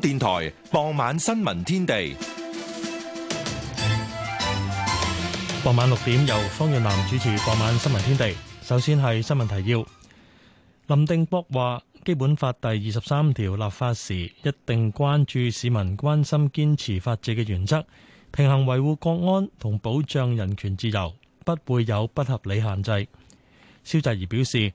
電台傍晚新聞天地，傍晚六點由方潤南主持。傍晚新聞天地，首先係新聞提要。林定博話：基本法第二十三條立法時，一定關注市民關心、堅持法治嘅原則，平衡維護國安同保障人權自由，不會有不合理限制。蕭澤頤表示：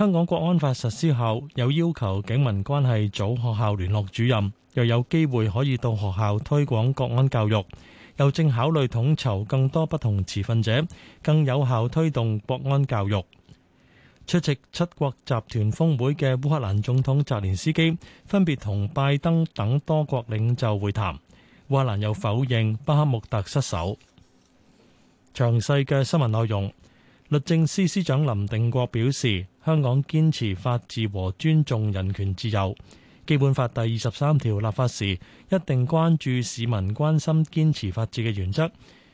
香港國安法實施後，有要求警民關係組學校聯絡主任，又有機會可以到學校推廣國安教育，又正考慮統籌更多不同持份者，更有效推動國安教育。出席七國集團峰會嘅烏克蘭總統澤連斯基，分別同拜登等多國領袖會談。烏克蘭又否認巴赫穆特失守。詳細嘅新聞內容。律政司司長林定國表示，香港堅持法治和尊重人權自由，《基本法》第二十三條立法時一定關注市民關心、堅持法治嘅原則，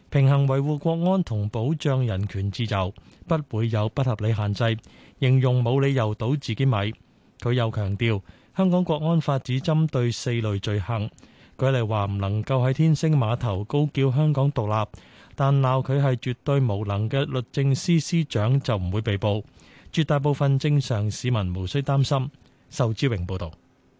平衡維護國安同保障人權自由，不會有不合理限制。形容冇理由倒自己米。佢又強調，香港國安法只針對四類罪行。舉例話唔能夠喺天星碼頭高叫香港獨立。但鬧佢係絕對無能嘅律政司司長，就唔會被捕，絕大部分正常市民無需擔心。仇志榮報道。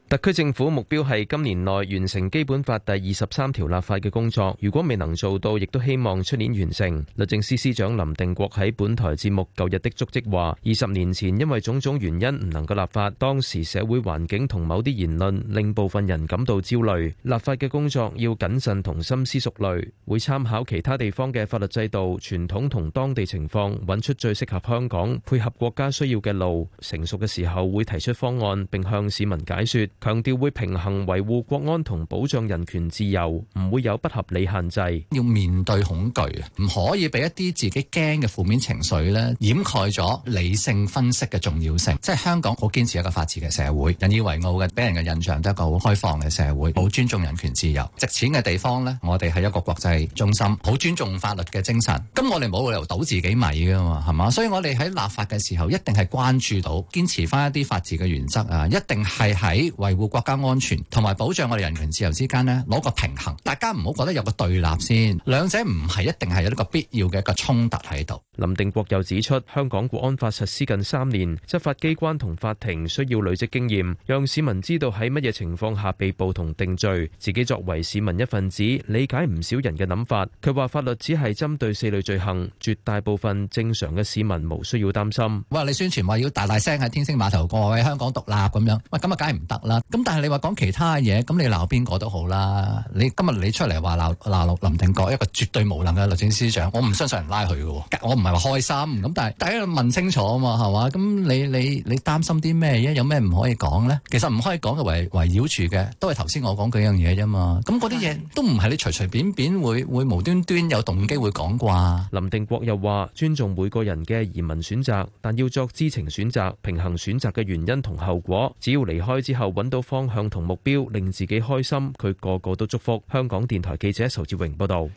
特區政府目標係今年內完成《基本法》第二十三條立法嘅工作。如果未能做到，亦都希望出年完成。律政司司長林定國喺本台節目《舊日的足跡》話：二十年前因為種種原因唔能夠立法，當時社會環境同某啲言論令部分人感到焦慮。立法嘅工作要謹慎同深思熟慮，會參考其他地方嘅法律制度、傳統同當地情況，揾出最適合香港配合國家需要嘅路。成熟嘅時候會提出方案，並向市民解說。強調會平衡維護國安同保障人權自由，唔會有不合理限制。要面對恐懼，唔可以俾一啲自己驚嘅負面情緒呢掩蓋咗理性分析嘅重要性。即係香港好堅持一個法治嘅社會，引以為傲嘅，俾人嘅印象都係一個好開放嘅社會，好尊重人權自由。值錢嘅地方呢，我哋係一個國際中心，好尊重法律嘅精神。咁我哋冇理由倒自己米㗎嘛，係嘛？所以我哋喺立法嘅時候一定係關注到，堅持返一啲法治嘅原則啊，一定係喺，維護國家安全同埋保障我哋人權自由之間呢攞個平衡，大家唔好覺得有個對立先，兩者唔係一定係有呢個必要嘅一個衝突喺度。林定國又指出，香港國安法實施近三年，執法機關同法庭需要累積經驗，讓市民知道喺乜嘢情況下被捕同定罪。自己作為市民一份子，理解唔少人嘅諗法。佢話法律只係針對四類罪行，絕大部分正常嘅市民無需要擔心。喂，你宣傳話要大大聲喺天星碼頭過去香港獨立咁樣，喂咁啊，梗係唔得啦。咁但係你話講其他嘢，咁你鬧邊個都好啦。你今日你出嚟話鬧鬧林定國，一個絕對無能嘅律政司長，我唔相信人拉佢噶。我唔係話開心，咁但係大家要問清楚啊嘛，係嘛？咁你你你擔心啲咩嘢？有咩唔可以講呢？其實唔可以講嘅圍圍繞住嘅，都係頭先我講嗰樣嘢啫嘛。咁嗰啲嘢都唔係你隨隨便便便會會無端端有動機會講啩。林定國又話尊重每個人嘅移民選擇，但要作知情選擇、平衡選擇嘅原因同後果，只要離開之後搵揾到方向同目標，令自己開心。佢個個都祝福。香港電台記者仇志榮報道。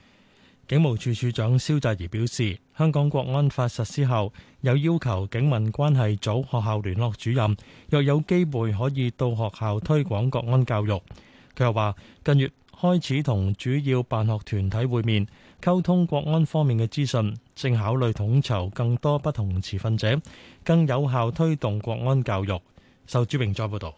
警務處處長蕭澤頤表示，香港國安法實施後有要求警民關係組學校聯絡主任若有機會可以到學校推廣國安教育。佢又話，近月開始同主要辦學團體會面，溝通國安方面嘅資訊，正考慮統籌更多不同持份者，更有效推動國安教育。仇志榮再報道。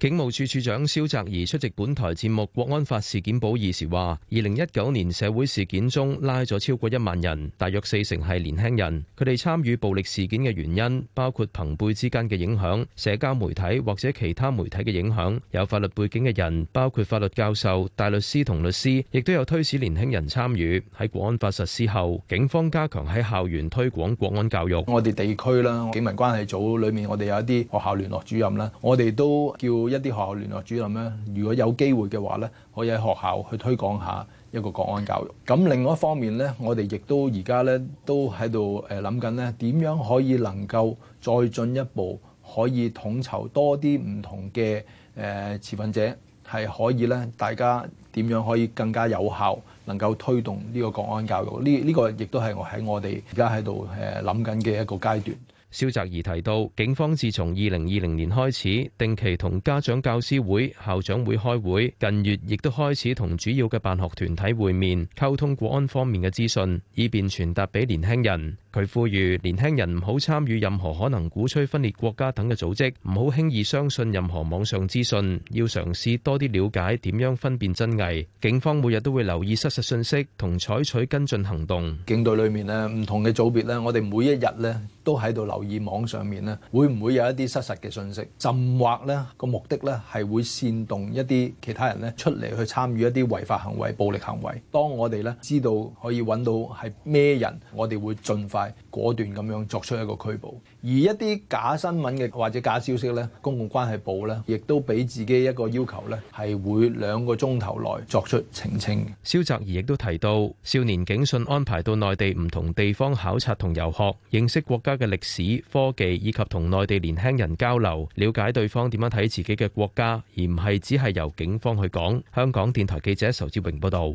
警務處處長蕭澤頤出席本台節目《國安法事件簿》二時話，二零一九年社會事件中拉咗超過一萬人，大約四成係年輕人。佢哋參與暴力事件嘅原因包括朋輩之間嘅影響、社交媒體或者其他媒體嘅影響。有法律背景嘅人，包括法律教授、大律師同律師，亦都有推使年輕人參與。喺國安法實施後，警方加強喺校園推廣國安教育。我哋地區啦，警民關係組裏面，我哋有一啲學校聯絡主任啦，我哋都叫。一啲學校聯絡主任咧，如果有機會嘅話咧，可以喺學校去推廣一下一個國安教育。咁另外一方面咧，我哋亦都而家咧都喺度誒諗緊咧，點樣可以能夠再進一步，可以統籌多啲唔同嘅誒、呃、持份者，係可以咧，大家點樣可以更加有效，能夠推動呢個國安教育。呢呢、呢個亦都係我喺我哋而家喺度誒諗緊嘅一個階段。蕭澤頤提到，警方自從二零二零年開始定期同家長教師會、校長會開會，近月亦都開始同主要嘅辦學團體會面，溝通國安方面嘅資訊，以便傳達俾年輕人。佢呼籲年輕人唔好參與任何可能鼓吹分裂國家等嘅組織，唔好輕易相信任何網上資訊，要嘗試多啲了解點樣分辨真偽。警方每日都會留意失實信息同採取跟進行動。警隊裏面呢唔同嘅組別呢，我哋每一日呢都喺度留。以網上面咧，會唔會有一啲失實嘅信息浸畫咧？個目的咧係會煽動一啲其他人咧出嚟去參與一啲違法行為、暴力行為。當我哋咧知道可以揾到係咩人，我哋會盡快果斷咁樣作出一個拘捕。而一啲假新聞嘅或者假消息呢，公共關係部呢，亦都俾自己一個要求呢，係會兩個鐘頭內作出澄清。蕭澤怡亦都提到，少年警訊安排到內地唔同地方考察同遊學，認識國家嘅歷史、科技以及同內地年輕人交流，了解對方點樣睇自己嘅國家，而唔係只係由警方去講。香港電台記者仇志榮報道。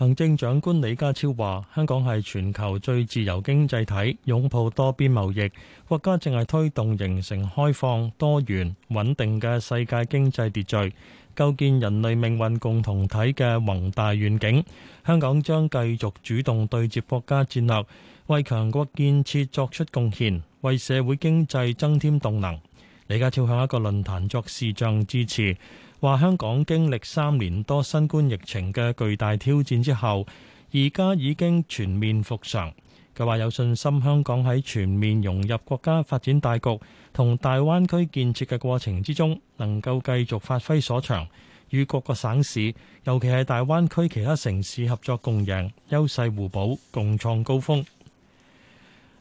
行政長官李家超話：香港係全球最自由經濟體，擁抱多邊貿易國家，正係推動形成開放、多元、穩定嘅世界經濟秩序，構建人類命運共同體嘅宏大願景。香港將繼續主動對接國家戰略，為強國建設作出貢獻，為社會經濟增添動能。李家超向一個論壇作視像致辭。話香港經歷三年多新冠疫情嘅巨大挑戰之後，而家已經全面復常。佢話有信心香港喺全面融入國家發展大局同大灣區建設嘅過程之中，能夠繼續發揮所長，與各個省市，尤其係大灣區其他城市合作共贏，優勢互補，共創高峰。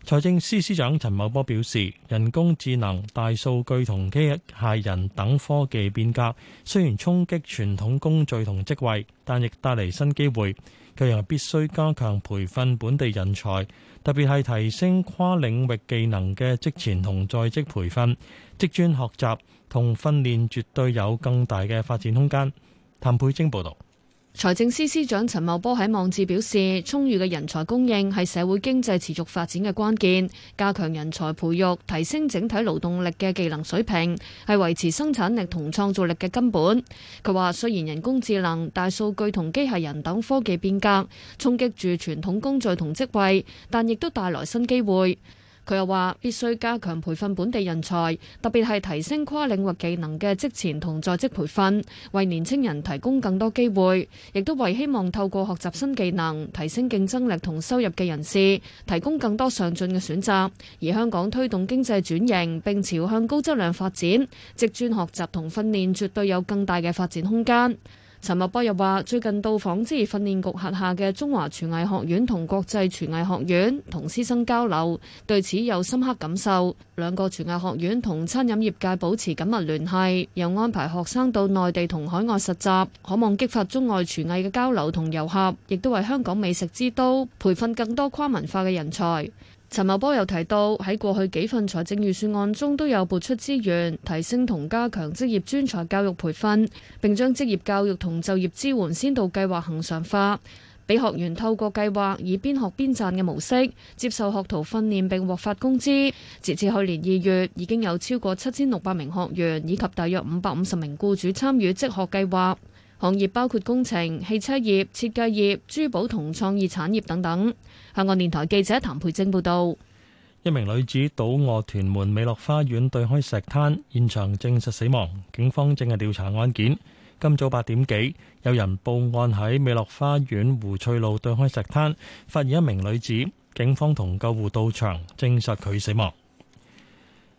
財政司司長陳茂波表示，人工智能、大數據同機械人等科技變革雖然衝擊傳統工序同職位，但亦帶嚟新機會。佢認為必須加強培訓本地人才，特別係提升跨領域技能嘅職前同在職培訓、職專學習同訓練，絕對有更大嘅發展空間。譚佩晶報導。財政司司長陳茂波喺網誌表示：充裕嘅人才供應係社會經濟持續發展嘅關鍵，加強人才培育，提升整體勞動力嘅技能水平，係維持生產力同創造力嘅根本。佢話雖然人工智能、大數據同機械人等科技變革衝擊住傳統工序同職位，但亦都帶來新機會。佢又話：必須加強培訓本地人才，特別係提升跨領域技能嘅職前同在職培訓，為年青人提供更多機會，亦都為希望透過學習新技能提升競爭力同收入嘅人士提供更多上進嘅選擇。而香港推動經濟轉型並朝向高質量發展，職專學習同訓練絕對有更大嘅發展空間。陳茂波又話：最近到訪職業訓練局轄下嘅中華廚藝學院同國際廚藝學院，同師生交流，對此有深刻感受。兩個廚藝學院同餐飲業界保持緊密聯繫，又安排學生到內地同海外實習，可望激發中外廚藝嘅交流同融合，亦都為香港美食之都培訓更多跨文化嘅人才。陳茂波又提到，喺過去幾份財政預算案中都有撥出資源，提升同加強職業專才教育培訓，並將職業教育同就業支援先導計劃恒常化，俾學員透過計劃以邊學邊賺嘅模式接受學徒訓練並獲發工資。截至去年二月，已經有超過七千六百名學員以及大約五百五十名僱主參與職學計劃，行業包括工程、汽車業、設計業、珠寶同創意產業等等。香港電台記者譚培正報道：一名女子倒卧屯門美樂花園對開石灘，現場證實死亡。警方正係調查案件。今早八點幾，有人報案喺美樂花園湖翠路對開石灘，發現一名女子。警方同救護到場，證實佢死亡。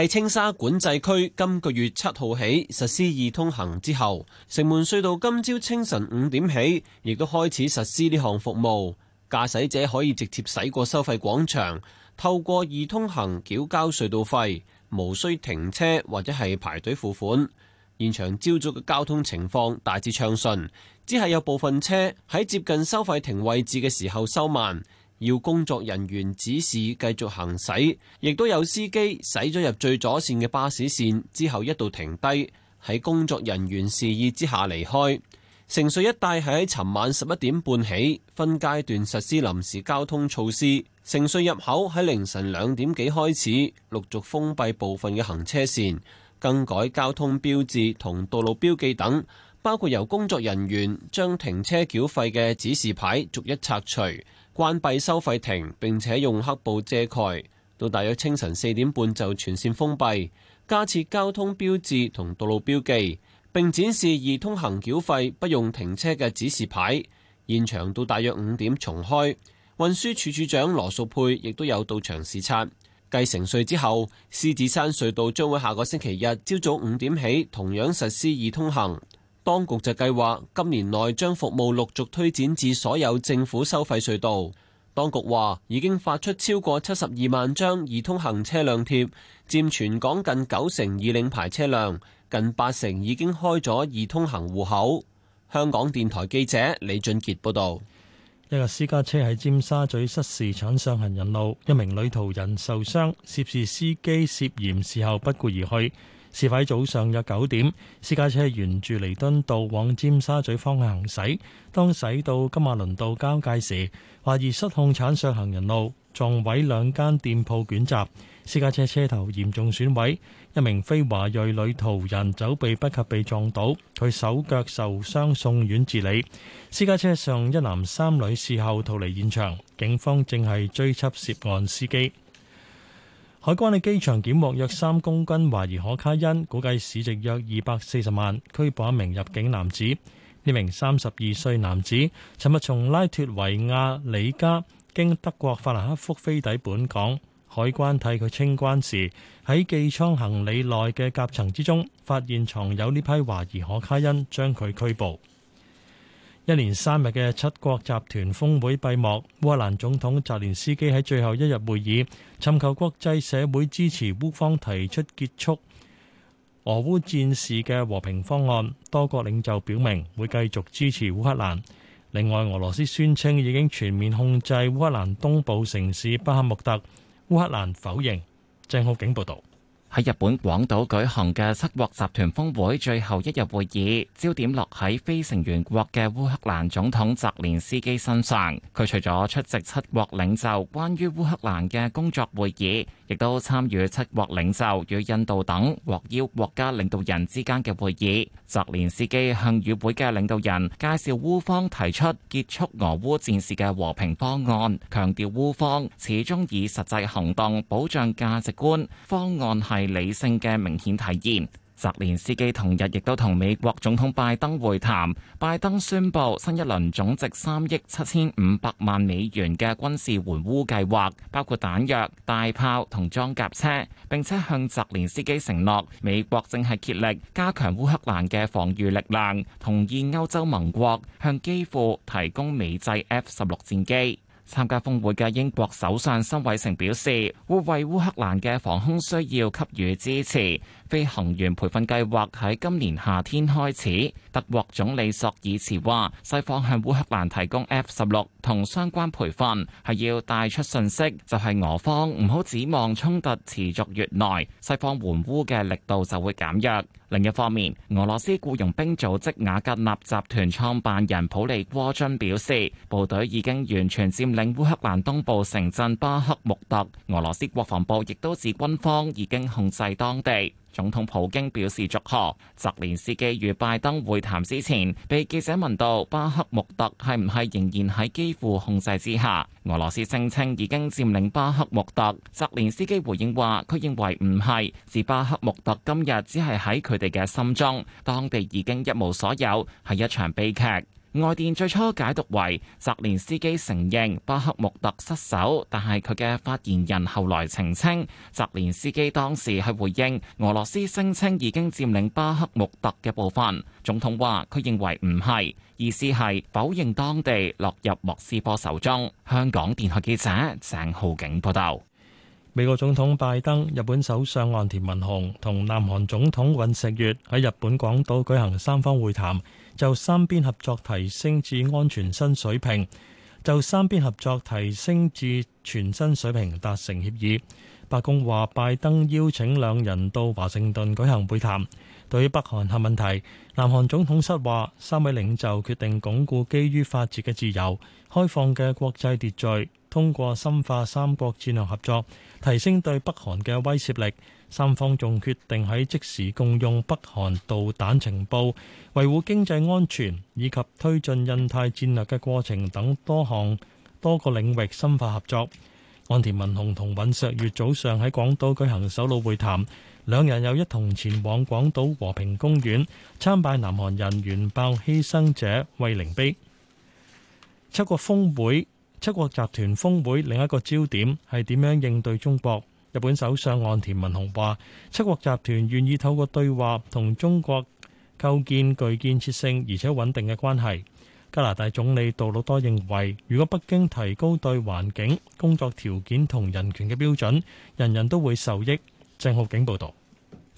繼青沙管制區今個月七號起實施易通行之後，城門隧道今朝清晨五點起亦都開始實施呢項服務，駕駛者可以直接駛過收費廣場，透過易通行繳交隧道費，無需停車或者係排隊付款。現場朝早嘅交通情況大致暢順，只係有部分車喺接近收費亭位置嘅時候收慢。要工作人員指示繼續行駛，亦都有司機駛咗入最左線嘅巴士線，之後一度停低，喺工作人員示意之下離開。城隧一帶係喺尋晚十一點半起分階段實施臨時交通措施，城隧入口喺凌晨兩點幾開始陸續封閉部分嘅行車線，更改交通標誌同道路標記等，包括由工作人員將停車繳費嘅指示牌逐一拆除。關閉收費亭，並且用黑布遮蓋，到大約清晨四點半就全線封閉，加設交通標誌同道路標記，並展示易通行繳費不用停車嘅指示牌。現場到大約五點重開。運輸署署長羅淑佩亦都有到場視察。繼城隧之後，獅子山隧道將會下個星期日朝早五點起同樣實施易通行。當局就計劃今年內將服務陸續推展至所有政府收費隧道。當局話已經發出超過七十二萬張易通行車輛貼，佔全港近九成已領牌車輛，近八成已經開咗易通行戶口。香港電台記者李俊杰報道。一架私家車喺尖沙咀失事鏟上行人路，一名女途人受傷，涉事司機涉嫌事後不顧而去。事發早上約九點，私家車沿住彌敦道往尖沙咀方向行駛，當駛到金馬倫道交界時，懷疑失控鏟上行人路，撞毀兩間店鋪捲閘，私家車車頭嚴重損毀，一名非華裔女途人走避不及被撞倒，佢手腳受傷送院治理。私家車上一男三女事後逃離現場，警方正係追緝涉案司機。海關喺機場檢獲約三公斤懷疑可卡因，估計市值約二百四十萬，拘捕一名入境男子。呢名三十二歲男子尋日從拉脫維亞里加經德國法蘭克福飛抵本港，海關替佢清關時，喺寄艙行李內嘅夾層之中發現藏有呢批懷疑可卡因，將佢拘捕。一連三日嘅七國集團峰會閉幕，烏克蘭總統澤連斯基喺最後一日會議尋求國際社會支持烏方提出結束俄烏戰事嘅和平方案。多國領袖表明會繼續支持烏克蘭。另外，俄羅斯宣稱已經全面控制烏克蘭東部城市巴赫穆特，烏克蘭否認。鄭浩景報道。喺日本廣島舉行嘅七國集團峰會最後一日會議，焦點落喺非成員國嘅烏克蘭總統澤連斯基身上。佢除咗出席七國領袖關於烏克蘭嘅工作會議，亦都參與七國領袖與印度等獲邀國家領導人之間嘅會議。澤連斯基向與會嘅領導人介紹烏方提出結束俄烏戰事嘅和平方案，強調烏方始終以實際行動保障價值觀，方案係理性嘅明顯體現。澤連斯基同日亦都同美國總統拜登會談，拜登宣布新一輪總值三億七千五百萬美元嘅軍事援烏計劃，包括彈藥、大炮同裝甲車，並且向澤連斯基承諾美國正係竭力加強烏克蘭嘅防禦力量，同意歐洲盟國向基輔提供美製 F 十六戰機。參加峯會嘅英國首相辛偉誠表示，會為烏克蘭嘅防空需要給予支持。飛行員培訓計劃喺今年夏天開始。德國總理朔爾茨話，西方向烏克蘭提供 F 十六同相關培訓，係要帶出信息，就係俄方唔好指望衝突持續越耐，西方援烏嘅力度就會減弱。另一方面，俄羅斯雇傭兵組織瓦格納集團創辦人普利波津表示，部隊已經完全佔領。令烏克蘭東部城鎮巴克穆特，俄羅斯國防部亦都指軍方已經控制當地。總統普京表示祝賀。澤連斯基與拜登會談之前，被記者問到巴克穆特係唔係仍然喺基輔控制之下，俄羅斯聲稱已經佔領巴克穆特。澤連斯基回應話：佢認為唔係，指巴克穆特今日只係喺佢哋嘅心中，當地已經一無所有，係一場悲劇。外電最初解讀為澤連斯基承認巴克穆特失守，但係佢嘅發言人後來澄清，澤連斯基當時係回應俄羅斯聲稱已經佔領巴克穆特嘅部分。總統話佢認為唔係，意思係否認當地落入莫斯科手中。香港電台記者鄭浩景報道。美國總統拜登、日本首相岸田文雄同南韓總統尹錫悅喺日本廣島舉行三方會談。就三邊合作提升至安全新水平，就三邊合作提升至全新水平達成協議。白宮話拜登邀請兩人到華盛頓舉行會談。對於北韓核問題，南韓總統室話三位領袖決定鞏固基於法治嘅自由、開放嘅國際秩序，通過深化三國戰略合作，提升對北韓嘅威懾力。三方仲決定喺即時共用北韓導彈情報、維護經濟安全以及推進印太戰略嘅過程等多項多個領域深化合作。岸田文雄同尹錫悦早上喺廣島舉行首腦會談，兩人又一同前往廣島和平公園參拜南韓人原爆犧牲者慰靈碑。七國峯會、七國集團峯會另一個焦點係點樣應對中國。日本首相岸田文雄話，七國集團願意透過對話同中國構建具建設性而且穩定嘅關係。加拿大總理杜魯多認為，如果北京提高對環境、工作條件同人權嘅標準，人人都會受益。鄭浩景報導。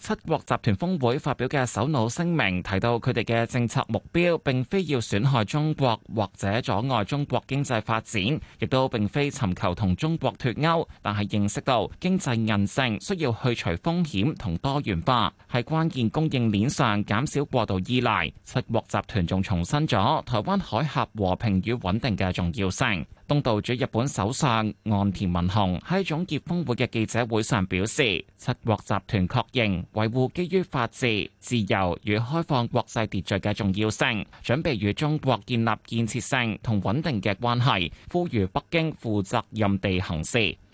七國集團峰會發表嘅首腦聲明提到，佢哋嘅政策目標並非要損害中國或者阻礙中國經濟發展，亦都並非尋求同中國脫鈎，但係認識到經濟韌性需要去除風險同多元化，喺關鍵供應鏈上減少過度依賴。七國集團仲重申咗台灣海峽和平與穩定嘅重要性。東道主日本首相岸田文雄喺總結峰會嘅記者會上表示，七國集團確認維護基於法治、自由與開放國際秩序嘅重要性，準備與中國建立建設性同穩定嘅關係，呼籲北京負責任地行事。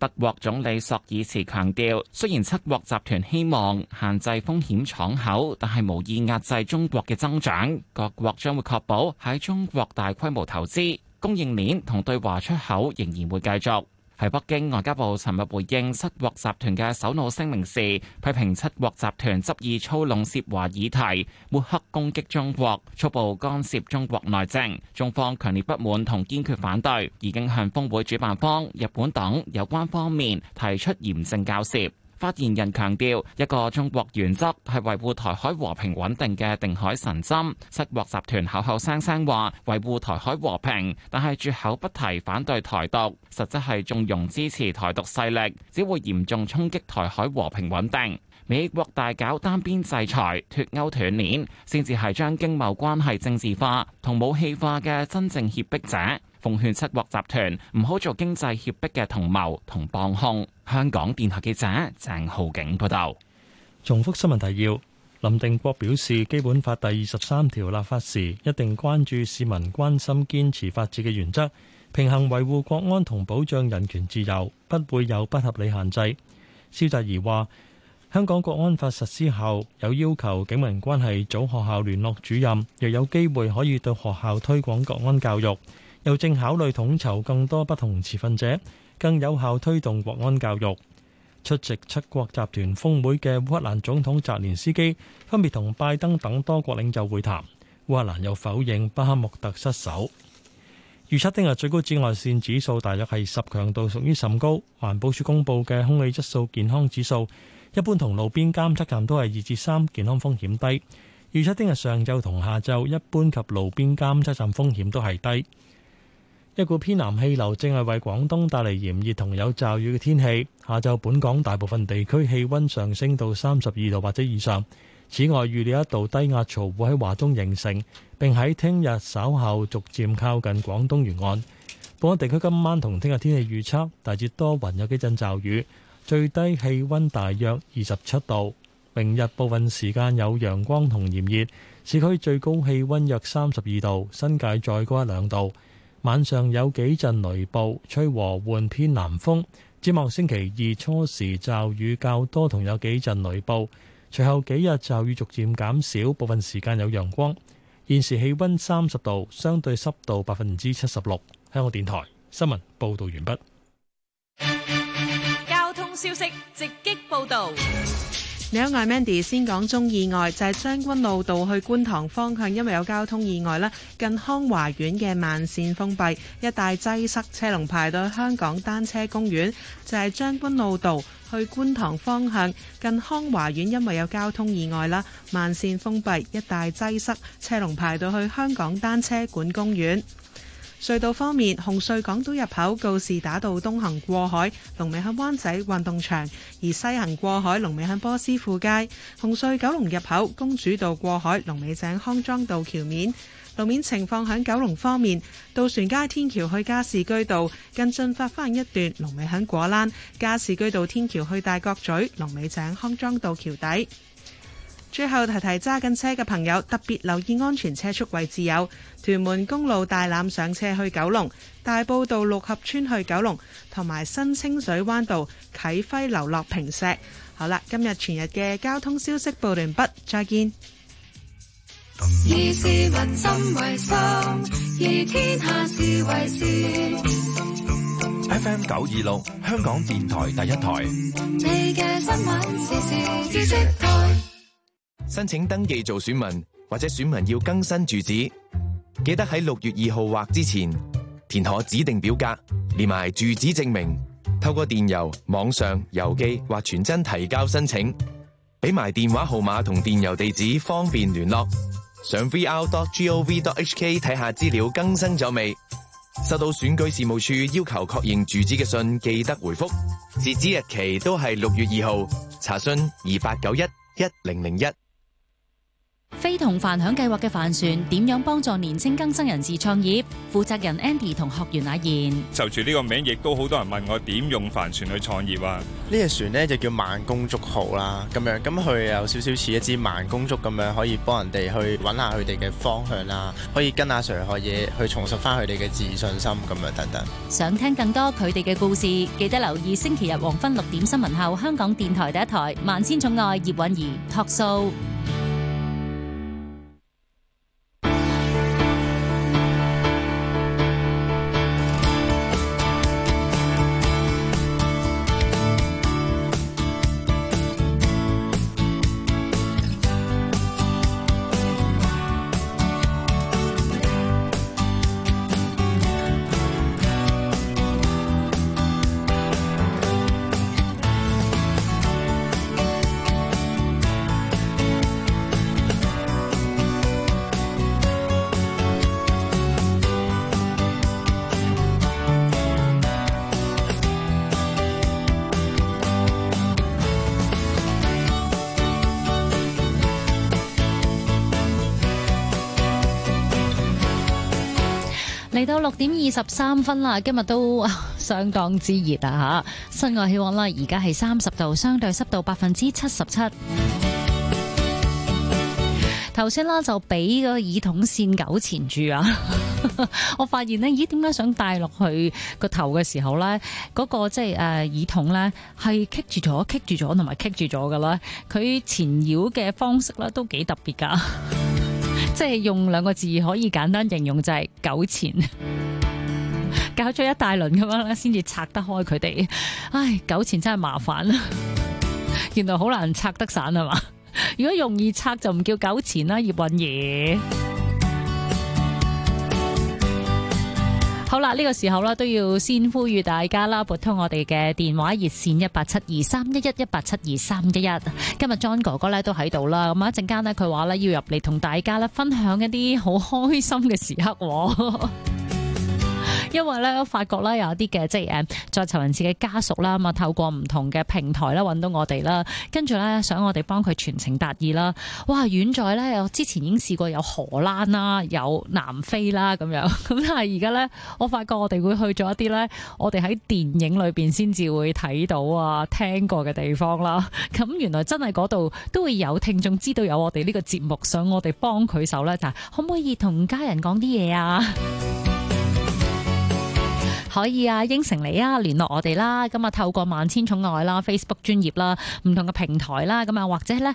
德國總理朔爾茨強調，雖然七國集團希望限制風險敞口，但係無意壓制中國嘅增長。各國將會確保喺中國大規模投資、供應鏈同對華出口仍然會繼續。喺北京外交部尋日回應七國集團嘅首腦聲明時，批評七國集團執意操弄涉華議題，抹黑攻擊中國，粗暴干涉中國內政。中方強烈不滿同堅決反對，已經向峰會主辦方、日本等有關方面提出嚴正交涉。發言人強調，一個中國原則係維護台海和平穩定嘅定海神針。七國集團口口聲聲話維護台海和平，但係絕口不提反對台獨，實質係縱容支持台獨勢力，只會嚴重衝擊台海和平穩定。美國大搞單邊制裁、脫歐斷鏈，先至係將經貿關係政治化同武器化嘅真正脅迫者。奉勸七國集團唔好做經濟脅迫嘅同謀同幫兇。香港電台記者鄭浩景報道。重複新聞提要。林定國表示，《基本法》第二十三條立法時一定關注市民關心、堅持法治嘅原則，平衡維護國安同保障人權自由，不會有不合理限制。蕭澤頤話：香港國安法實施後，有要求警民關係組學校聯絡主任，若有機會可以到學校推廣國安教育。又正考慮統籌更多不同持份者，更有效推動國安教育。出席七國集團峰會嘅烏克蘭總統澤連斯基分別同拜登等多國領袖會談。烏克蘭又否認巴赫穆特失守。預測聽日最高紫外線指數大約係十，強度屬於甚高。環保署公佈嘅空氣質素健康指數一般同路邊監測站都係二至三，健康風險低。預測聽日上晝同下晝一般及路邊監測站風險都係低。一股偏南氣流正係為廣東帶嚟炎熱同有驟雨嘅天氣。下晝本港大部分地區氣溫上升到三十二度或者以上。此外，預料一度低壓槽會喺華中形成，並喺聽日稍後逐漸靠近廣東沿岸。本港地區今晚同聽日天氣預測大致多雲，有幾陣驟雨，最低氣溫大約二十七度。明日部分時間有陽光同炎熱，市區最高氣溫約三十二度，新界再高一兩度。晚上有幾陣雷暴，吹和緩偏南風。展望星期二初時驟雨較多，同有幾陣雷暴。隨後幾日驟雨逐漸減少，部分時間有陽光。現時氣溫三十度，相對濕度百分之七十六。香港電台新聞報道完畢。交通消息直擊報道。你好，我係 Mandy 先講中意外就係、是、將軍澳道去觀塘方向，因為有交通意外咧，近康華苑嘅慢線封閉，一帶擠塞車龍排到去香港單車公園。就係、是、將軍澳道去觀塘方向近康華苑，因為有交通意外啦，慢線封閉，一帶擠塞車龍排到去香港單車館公園。隧道方面，紅隧港島入口告士打道東行過海，龍尾響灣仔運動場；而西行過海，龍尾響波斯富街。紅隧九龍入口公主道過海，龍尾井康莊道橋面；路面情況響九龍方面，渡船街天橋去加士居道，更進發翻一段龍尾響果欄；加士居道天橋去大角咀，龍尾井康莊道橋底。最後提提揸緊車嘅朋友，特別留意安全車速位置，有屯門公路大欖上車去九龍、大埔道六合村去九龍同埋新清水灣道啟輝樓落坪石。好啦，今日全日嘅交通消息報完畢，再見。以市民心為心，以天下事為事。F.M. 九二六，香港電台第一台。 申請登記做選民或者選民要更新住址，記得喺六月二號或之前填妥指定表格，連埋住址證明,透過電郵、網上、郵寄或傳真提交申請，俾埋電話號碼同電郵地址方便聯絡。上 vr.gov.hk 睇下資料更新咗未？收到選舉事務處要求確認住址嘅信，記得回覆，截止日期都係六月二號。查詢二八九一一零零一。同泛享計劃嘅帆船點樣幫助年青更生人士創業？負責人 Andy 同學員阿燕就住呢個名，亦都好多人問我點用帆船去創業啊？呢隻船呢，就叫慢弓竹號啦，咁樣咁佢有少少似一支慢弓竹咁樣，可以幫人哋去揾下佢哋嘅方向啦，可以跟阿 Sir 學嘢，去重拾翻佢哋嘅自信心咁樣等等。想聽更多佢哋嘅故事，記得留意星期日黃昏六點新聞後，香港電台第一台《萬千寵愛》葉允兒託數。嚟到六點二十三分啦，今日都相當之熱啊！嚇，室外氣温啦，而家係三十度，相對濕度百分之七十七。頭先啦，就俾個耳筒線狗纏住啊！ 我發現呢，咦？點解想戴落去個頭嘅時候呢？嗰個即係誒耳筒呢，係棘住咗、棘住咗同埋棘住咗㗎喇。佢纏繞嘅方式呢，都幾特別噶。 即係用兩個字可以簡單形容就係糾纏，搞咗一大輪咁樣咧，先至拆得開佢哋。唉，糾纏真係麻煩， 原來好難拆得散啊嘛。 如果容易拆就唔叫糾纏啦，葉韻儀。好啦，呢、這個時候咧都要先呼籲大家啦，撥通我哋嘅電話熱線一八七二三一一一八七二三一一。今日 John 哥哥咧都喺度啦，咁啊一陣間咧佢話咧要入嚟同大家咧分享一啲好開心嘅時刻。 因為咧，發覺咧有一啲嘅，即係誒，在囚人士嘅家屬啦，咁啊透過唔同嘅平台啦，揾到我哋啦，跟住咧想我哋幫佢傳情達意啦。哇！遠在咧，我之前已經試過有荷蘭啦，有南非啦咁樣，咁但係而家咧，我發覺我哋會去咗一啲咧，我哋喺電影裏邊先至會睇到啊，聽過嘅地方啦。咁原來真係嗰度都會有聽眾知道有我哋呢個節目，想我哋幫佢手咧，但係可唔可以同家人講啲嘢啊？可以啊，應承你啊，聯絡我哋啦。咁啊，透過萬千寵愛啦、Facebook 專頁啦、唔同嘅平台啦，咁啊，或者咧。